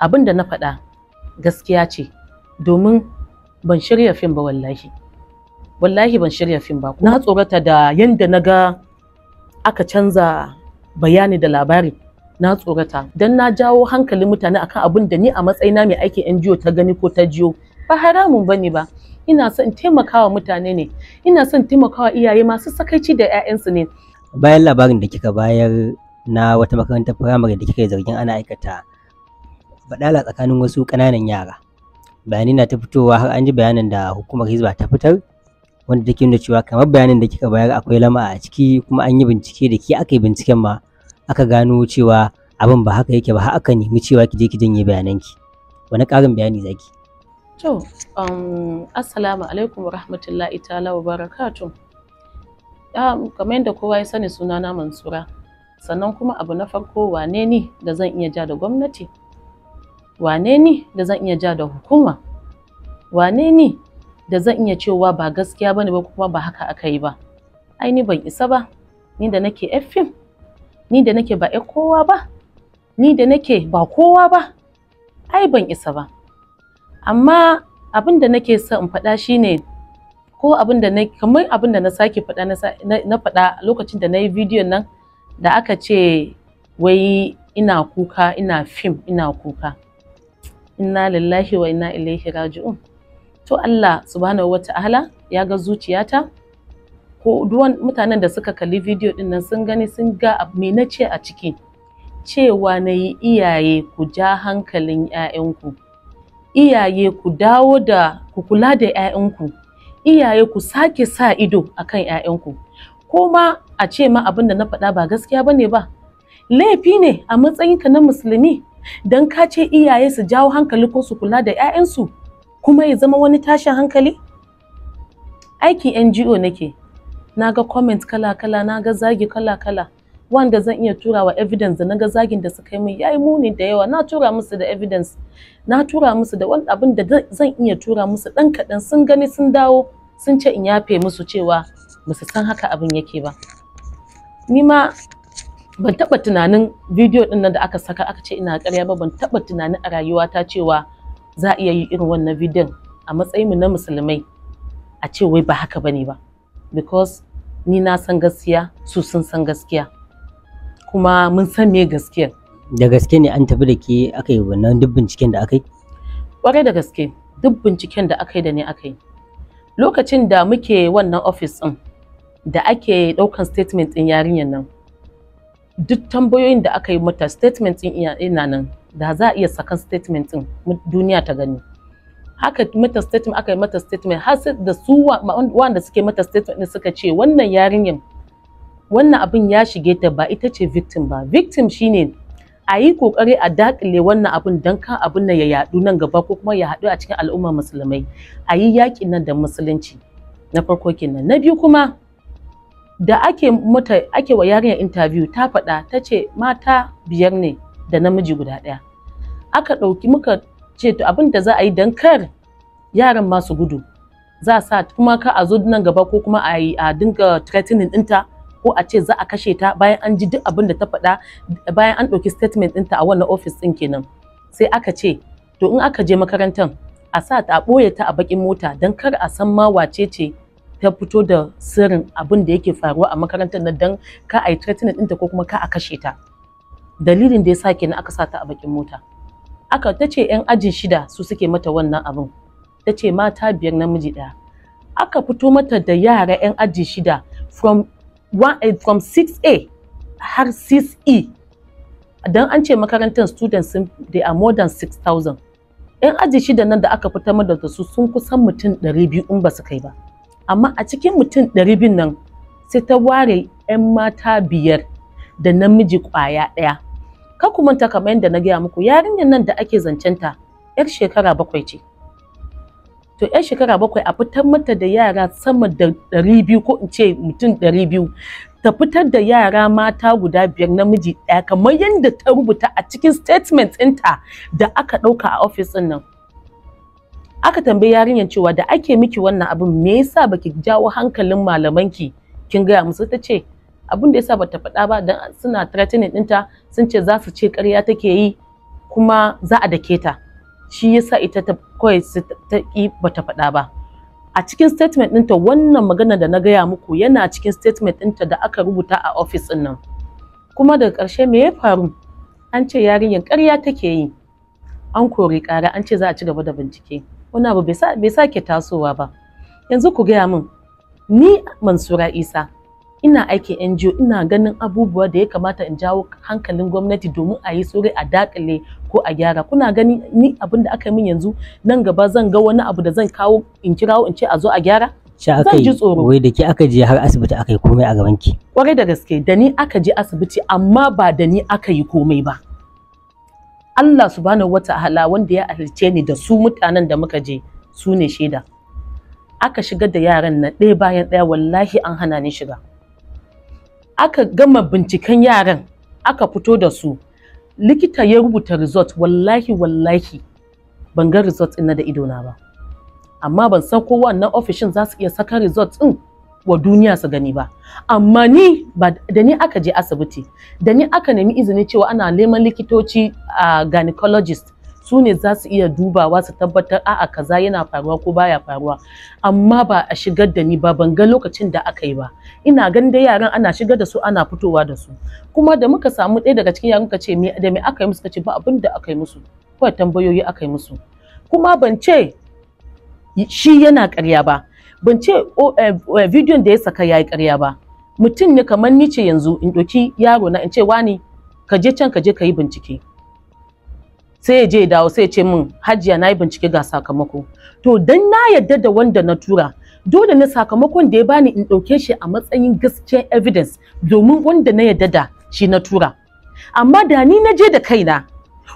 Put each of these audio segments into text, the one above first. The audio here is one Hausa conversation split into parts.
abin da na faɗa gaskiya ce domin ban shirya fim ba wallahi wallahi ban shirya fim ba na tsorata da yadda na ga aka canza bayani da labari na tsorata don na jawo hankalin mutane akan abin da ni a matsayina mai aikin NGO ta gani ko ta jiyo ba haramun bane ba ina son taimakawa mutane ne ina son taimakawa iyaye masu sakaici da 'ya'yansu ne bayan labarin da kika bayar na wata makarantar firamare da kika yi zargin ana aikata baɗala tsakanin wasu ƙananan yara bayanai na ta fitowa har an ji bayanin da hukumar hizba ta fitar wanda take nuna cewa kamar bayanin da kika bayar akwai lama a ciki kuma an yi bincike da ke aka yi binciken ma aka gano cewa abin ba haka yake ba har aka nemi cewa ki je ki janye bayananki wani ƙarin bayani zaki to um, assalamu alaikum wa rahmatullahi ta'ala wa barakatu. um, kamar yadda kowa ya sani sunana mansura sannan kuma abu na farko wane ne da zan iya ja da gwamnati wane ni da zan iya ja da hukuma wane ni da zan iya cewa ba gaskiya bane ba kuma ba haka aka yi ba ai ni ban isa ba ni da nake yar fim ni da nake ba yar kowa ba ni da nake ba kowa ba ai ban isa ba amma abin da nake so in faɗa shine ko abin da na kamar abin da na sake faɗa na faɗa lokacin da na yi bidiyon nan da aka ce wai ina kuka ina fim ina kuka inna lillahi wa inna ilaihi raji'un to Allah subhanahu wata'ala ya ga zuciyata ko duwan mutanen da suka kalli video din nan sun gani sun ga me na ce a ciki cewa na yi iyaye ku ja hankalin 'ya'yanku iyaye ku dawo da ku kula da 'ya'yanku iyaye ku sake sa ido akan 'ya'yanku ko ma a ce ma abin da na faɗa ba gaskiya bane ba laifi ne a matsayinka na musulmi don ka ce iyaye su jawo hankali ko su kula da 'ya'yansu kuma ya zama wani tashin hankali aikin ngo nake na ga comment kala-kala na ga zagi kala-kala wanda zan iya tura wa evidence da na ga zagin da suka yi min yayi muni da yawa na tura musu da evidence na tura musu da wani abin da zan iya tura musu dan kaɗan sun gani sun dawo sun ce in yafe musu cewa musu san haka abin yake ba ni ma ban taba tunanin bidiyo din nan da aka saka aka ce ina ƙarya ba ban taba tunanin a rayuwata cewa za a iya yi irin wannan bidiyon a matsayin na musulmai a ce wai ba haka bane ba because ni na san gaskiya su sun san gaskiya kuma mun san me gaskiya da gaske ne an tafi da ke aka wannan duk binciken da aka yi kwarai da gaske duk binciken da aka yi da ne aka yi lokacin da muke wannan office din da ake ɗaukan statement ɗin yarinyar nan duk tambayoyin da aka yi mata statement din ina nan da za a iya sakan statement din duniya ta gani haka mata statement aka yi mata statement har sai da su wanda suke mata statement din suka ce wannan yarinyar wannan abin ya shige ta ba ita ce victim ba victim shine a yi kokari a dakile wannan abin don kan abin nan ya yadu nan gaba ko kuma ya haɗu a cikin al'ummar musulmai a yi nan da musulunci na farko kenan na biyu kuma da ake mata ake wa yarinya interview ta faɗa ta ce mata biyar ne da namiji guda ɗaya aka ɗauki muka ce to abin da za a yi don kar yaran masu gudu za sa kuma ka a zo nan gaba ko kuma a yi a dinga threatening ɗinta ko a ce za a kashe ta bayan an ji duk abin da ta faɗa bayan an ɗauki statement ɗinta a wannan ofis ɗin kenan sai aka ce to in aka je makarantan a sa ta a ɓoye ta a bakin mota don kar a san ma wace ce ta fito da sirrin abin da yake faruwa a makarantar nan dan ka a yi threatening ɗinta ko kuma ka a kashe ta dalilin da ya sa kenan aka sa ta a bakin mota aka ta ce yan ajin shida su suke mata wannan abin ta ce mata biyar namiji ɗaya aka fito mata da yara yan aji shida from one, eh, from 6A har 6E dan an ce makarantar students sun they are more than 6000 yan aji shida nan da aka fitar mata da su sun kusan mutum 200 in ba su kai ba amma a cikin mutum ɗari nan sai ta ware 'yan mata biyar da namiji ƙwaya ɗaya ka kuma manta kamar yadda na gaya muku yarinyar nan da ake zancenta 'yar shekara bakwai ce to 'yar shekara bakwai a fitar mata da yara sama da ɗari biyu ko in ce mutum ɗari ta fitar da yara mata guda biyar namiji ɗaya kamar yadda ta rubuta a cikin statement ɗinta da aka ɗauka a ofis ɗin nan aka tambayi yarinyar cewa da ake miki wannan abin me yasa baki jawo hankalin malamanki kin gaya musu ta ce abin da yasa bata faɗa ba dan suna threatening ɗinta sun ce za su ce ƙarya take yi kuma za a dake ta shi yasa ita ta kawai ta ki bata faɗa ba a cikin statement ɗinta wannan magana da na gaya muku yana cikin statement ɗinta da aka rubuta a office ɗin nan kuma daga ƙarshe me ya faru an ce yarinyar ƙarya take yi an kori kara an ce za a ci gaba da bincike wani abu bai sake tasowa ba yanzu ku gaya min ni mansura isa ina aikin NGO ina ganin abubuwa da ya kamata in jawo hankalin gwamnati domin a yi tsore a dakale ko a gyara kuna gani ni abin da aka yi min yanzu nan gaba zan ga wani abu da zan kawo in kirawo in ce a zo a gyara zan ji tsoro wai da ke aka je har asibiti aka yi komai a gaban ki kwarai da gaske da ni aka je asibiti amma ba da ni aka yi komai ba Allah subhanahu ta'ala wanda ya halicce ni da su mutanen da muka je su ne shaida aka shiga da yaran na ɗaya bayan ɗaya wallahi an hana ni shiga aka gama binciken yaran aka fito da su likita ya rubuta result wallahi wallahi ban ga result ɗin na da idona ba amma ban san ko wannan ofishin za su iya saka result ɗin wa duniya su gani ba amma ni da ni aka je asibiti da ni aka nemi izini cewa ana neman likitoci a gynecologist su ne za su iya dubawa su tabbatar a'a kaza yana faruwa ko baya faruwa amma ba a shigar da ni ba ban ga lokacin da aka yi ba ina ganin dai yaran ana shigar da su ana fitowa da su kuma da muka samu ɗaya daga cikin yaran ka ce da me aka yi musu ka ce ba abin da aka yi musu kawai tambayoyi aka yi musu kuma ban ce shi yana ƙarya ba ban ce eh, eh, bidiyon da ya saka ya yi ƙarya ba mutum ne kamar ni ce yanzu in ɗauki yaro na in ce wani ka je can ka je ka yi bincike sai ya je dawo sai ya ce min hajiya na yi bincike ga sakamako to dan na yadda da wanda na tura dole ne sakamakon da ya bani in ɗauke shi a matsayin gaskiyar evidence domin wanda na yarda da shi na tura amma da ni na je da kaina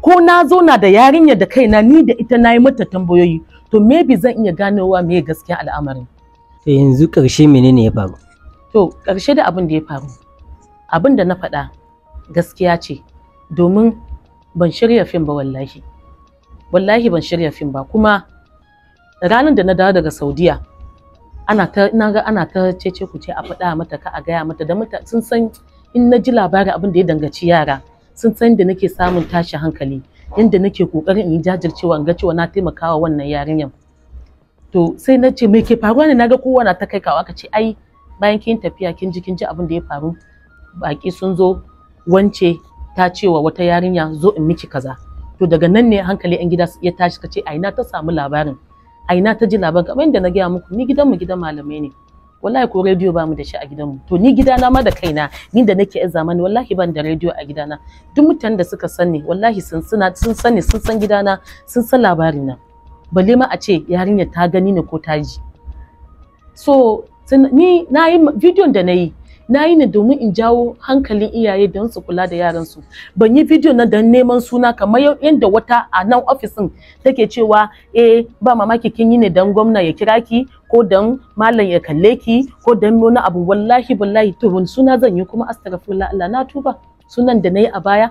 ko na zauna da yarinya da kaina ni da ita na yi mata tambayoyi to maybe zan iya ganowa me gaskiya al'amarin to yanzu karshe menene ya faru to karshe da abin da ya faru abin da na faɗa gaskiya ce domin ban shirya fim ba wallahi wallahi ban shirya fim ba kuma ranar da na dawo daga saudiya ana ta na ga ana ta cece ku ce a faɗa mata ka a gaya mata da mata sun san in na ji labarin abin da ya dangaci yara sun san da nake samun tashi hankali yanda nake kokarin in jajircewa in ga cewa na taimakawa wannan yarinyan to sai na ce me ke faruwa ne naga kowa na ta kai kawo aka ce ai bayan kin tafiya kin ji kin ji abin da ya faru baki sun zo wance ta cewa wata yarinya zo in miki kaza to daga nan ne hankali yan gida ya tashi ka ce aina ta samu labarin aina ta ji labarin kamar yadda na gaya muku ni gidan mu gidan malamai ne wallahi ko rediyo ba mu da shi a gidanmu to ni gidana ma da kaina ni da nake yan zamani wallahi ban da rediyo a gidana duk mutanen da suka sani wallahi sun suna sun sani sun san gidana sun san labarina balle ma a ce yarinyar ta gani ne ko ta ji so ni na yi bidiyon da na yi na yi ne domin in jawo hankalin iyaye don su kula da yaransu ban yi bidiyo na don neman suna kamar yadda wata a nan ofisin take cewa eh ba mamaki kin yi ne don gwamna ya kira ki ko don malam ya kalle ki ko don wani abu wallahi wallahi to wani suna zan yi kuma astagfirullah Allah na tuba sunan da na a baya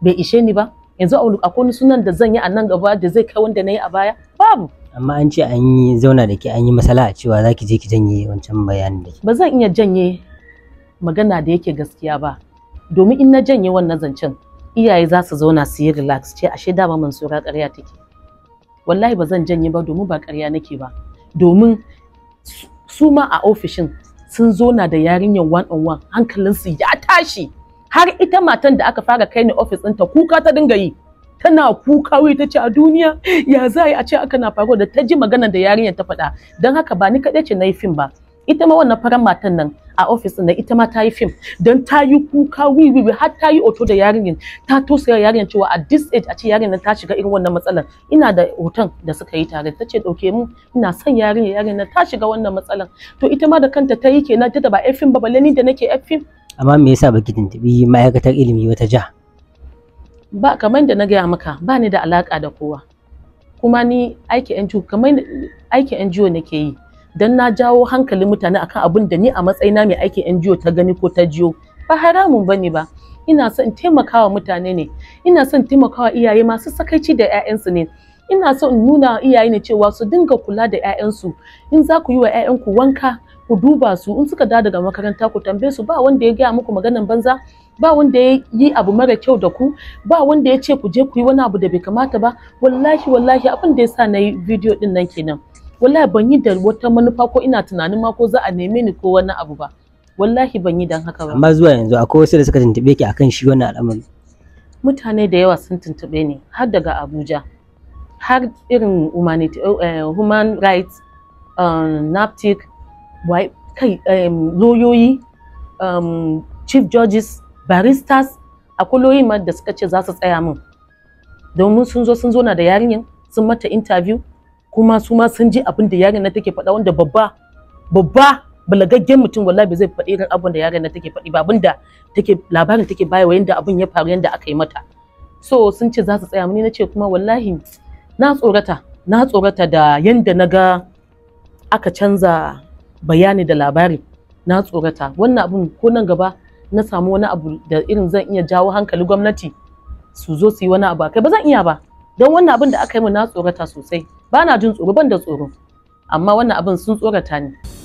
bai ishe ni ba yanzu akwai wani sunan da zan yi a nan gaba da zai kai wanda na yi a baya babu amma an ce an yi zauna da ke an yi masala a cewa za ki je ki janye wancan bayanin da ba zan iya janye magana da yake gaskiya ba domin in na janye wannan zancen iyaye za su zauna su yi relax ce ashe dama mansura ƙarya take wallahi ba zan janye ba domin ba ƙarya nake ba domin su ma a ofishin sun zona da yarinyar one on one hankalinsu ya tashi har ita matan da aka fara kai ni ofis ɗinta kuka ta dinga yi tana kuka wai ta ce a duniya ya za a ce aka na faruwa da ta ji magana da yarinyar ta faɗa don haka ba ni kaɗai ce na yi fim ba ita ma wannan farar matan nan a ofis din ita ma ta yi film don ta yi kuka wiwi har ta yi oto da yarinyin ta tosaya yarinyar cewa a this age a ce nan ta shiga irin wannan matsalar ina da hoton da suka yi tare ta ce ɗauke mu ina son yarinyin nan ta shiga wannan matsalar to ita ma da kanta ta yi kenan ta da ba fim ba balle ni da nake fim amma me yasa baki tuntubi ma'aikatar ilimi wata ja ba kamar da na gaya maka ba ni da alaka da kowa kuma ni aiki NGO kamar aiki NGO nake yi don na jawo hankalin mutane akan abin da ni a matsayina mai aikin NGO ta gani ko ta jiyo ba haramun bane ba ina son taimakawa mutane ne ina son taimakawa iyaye masu sakaici da 'ya'yansu ne ina son in nuna iyaye ne cewa su dinga kula da 'ya'yansu in za ku yi wa 'ya'yanku wanka ku duba su in suka dawo daga makaranta ku tambaye su ba wanda ya gaya muku maganan banza ba wanda ya yi abu mara kyau da ku ba wanda ya ce ku je ku yi wani abu da bai kamata ba wallahi wallahi abin da ya sa na yi bidiyo din nan kenan wallahi ban yi da wata manufa ko ina tunanin ma ko za a neme ni ko wani abu ba wallahi ban yi dan haka ba amma zuwa yanzu akwai wasu da suka tuntube ki akan shi wannan al'amari mutane da yawa sun tuntube ni har daga Abuja har irin eh, eh, human rights um, naptic kai loyoyi chief judges baristas akwai loyoyi ma da suka ce za su tsaya min domin sun zo sun zo na da yarinyin sun mata interview kuma su ma sun ji abin da yaren na take faɗa wanda babba babba balagaggen mutum wallahi zai faɗi irin abin da yaren na take faɗi ba abin da take labarin take bayarwa yanda abin ya faru yanda aka yi mata so sun ce za su tsaya mini na ce kuma wallahi na tsorata na tsorata da yanda na ga aka canza bayani da labari na tsorata wannan abin ko nan gaba na samu wani abu da irin zan iya jawo hankali gwamnati su zo su yi wani abu kai ba zan iya ba don wannan abin da aka yi mu na tsorata sosai bana jin tsoro ban da tsoro amma wannan abin sun tsorata ni